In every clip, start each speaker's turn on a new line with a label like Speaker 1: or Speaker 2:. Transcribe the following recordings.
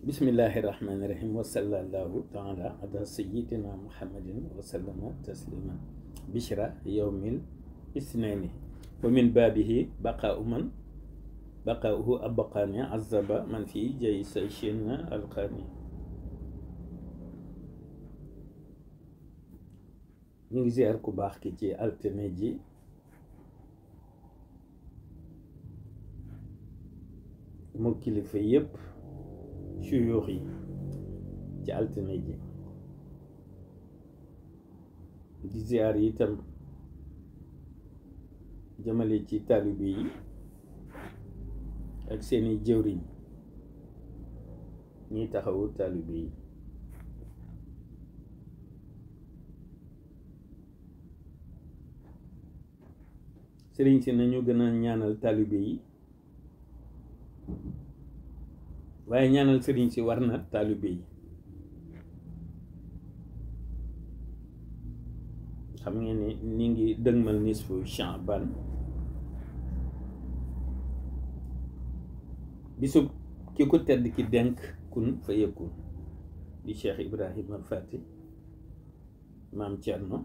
Speaker 1: بسم الله الرحمن الرحيم وصلى الله تعالى على سيدنا محمد وسلم تسليما بشرى يوم الاثنين ومن بابه بقاء من بقاؤه أبقاني عذب من في جيش الشين القاني ñu ngi ziar ku baax يب suyuux yi ci altine ji di yi itam jëmale ci taalibe yi ak seeni jëwriñ ñiy taxawu taalibe yi sëriñ si nañu gën a ñaanal taalibe yi waaye ñaanal sëriñ si war na taalibe yi xam ngeen ni ni ngi dëgmal nisfu Sha'ban bisub ki ko tedd ki denk kun fa yëkkun di Cheikh Ibrahima Fati maam Thierno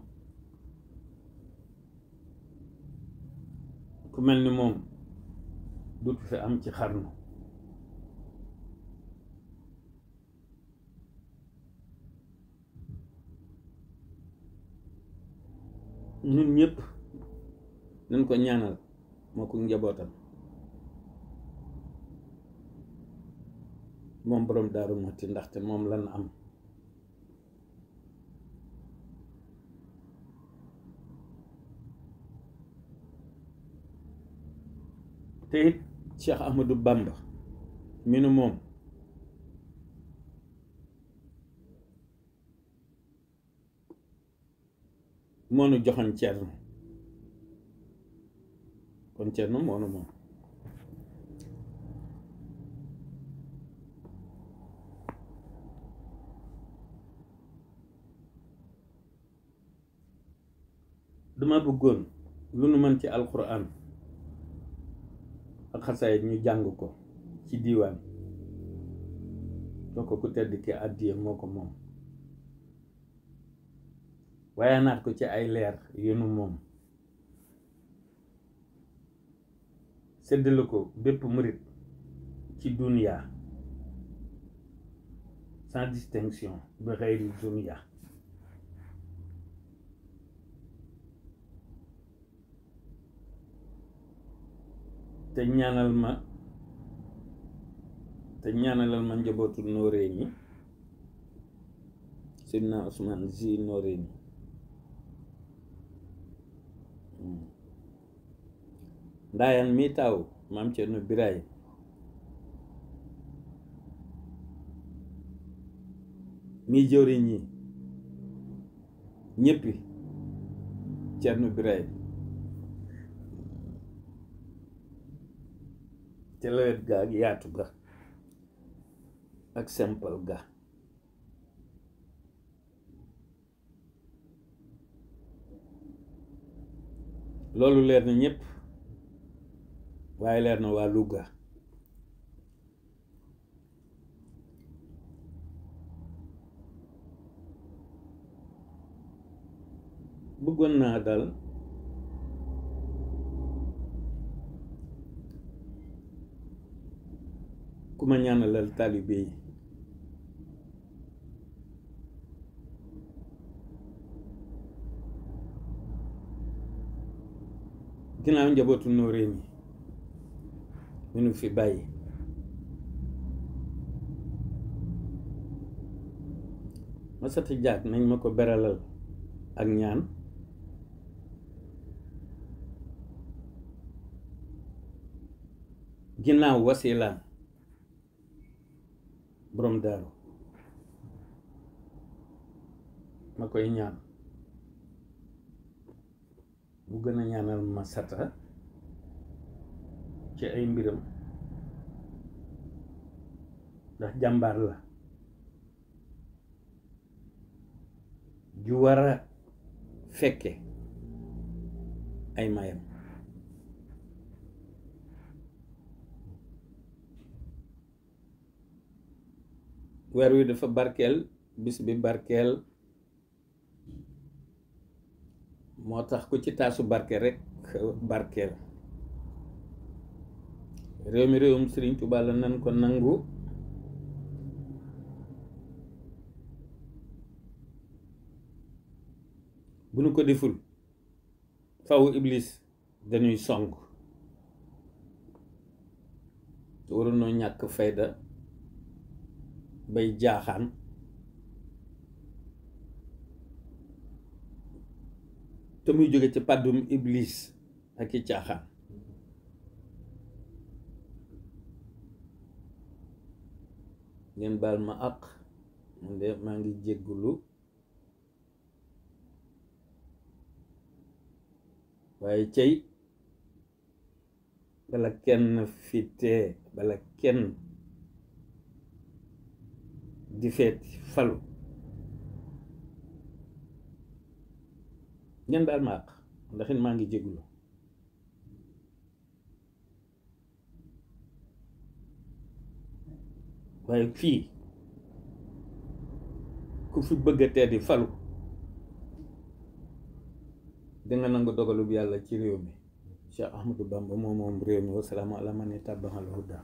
Speaker 1: ku mel ni moom dutu fi am ci xarnu ñun ñépp nañ ko ñaanal moo ko njabootam moom boroom daaru Muxti ndaxte moom lan am te it Cheikh Ahmadou Bamba mi nu moom moo nu joxoon kon Thierno moo nu moom duma bëggoon lu nu mën ci alquran ak xasaayit ñu jàng ko ci diiwaan soo ko ku tedd ki àddiya moo ko moom nat ko ci ay leer yu mom seddel ko bepp murid ci dunya sans distinction be xëyri dunya te ñaanal ma te ñaanalal ma njabootu nooree ñi Ousmane Zi nooree ñi ndaayan mi taaw maam Cerno Biraay mii jëwriñ ñi ñëppi Cerno Biraay te ga ak yaatu ga ak simple ga loolu leer na ñëpp waaye leer na waa Louga bëggoon naa daal ku ma ñaanalal taalibe yi ginnaaw njabootu Noreyni mi nu fi bàyyi masata jaag nañ ma ko beralal ak ñaan ginnaaw wasilaan boroom daaru ma koy ñaan mu gën a ñaanal masata ci ay mbiram nah, ndax jàmbaar la ju war a fekke ay ya? mayam weer wi dafa barkeel bis bi barkeel moo tax ku ci taasu barke rek barkeel réew mi réewum sëriñ Tuubaa la nan ko nangu bu nu ko deful fawu iblis dañuy song te ñàkk fayda bay jaaxaan te muy jóge ci pàddum iblis ak i caaxaan ngeen bal ma ak man de ma ngi jéggulu waaye cey bala kenn fitee bala kenn di falu ngeen bal ma ak ndaxin maa ngi jéggulu waaye fii ku fi bëgg a tee di falu danga nangu dogalub yàlla ci réew mi Cheikh Ahmadou Bamba moom moom réew mi wassalaamu ala man ittabaal huda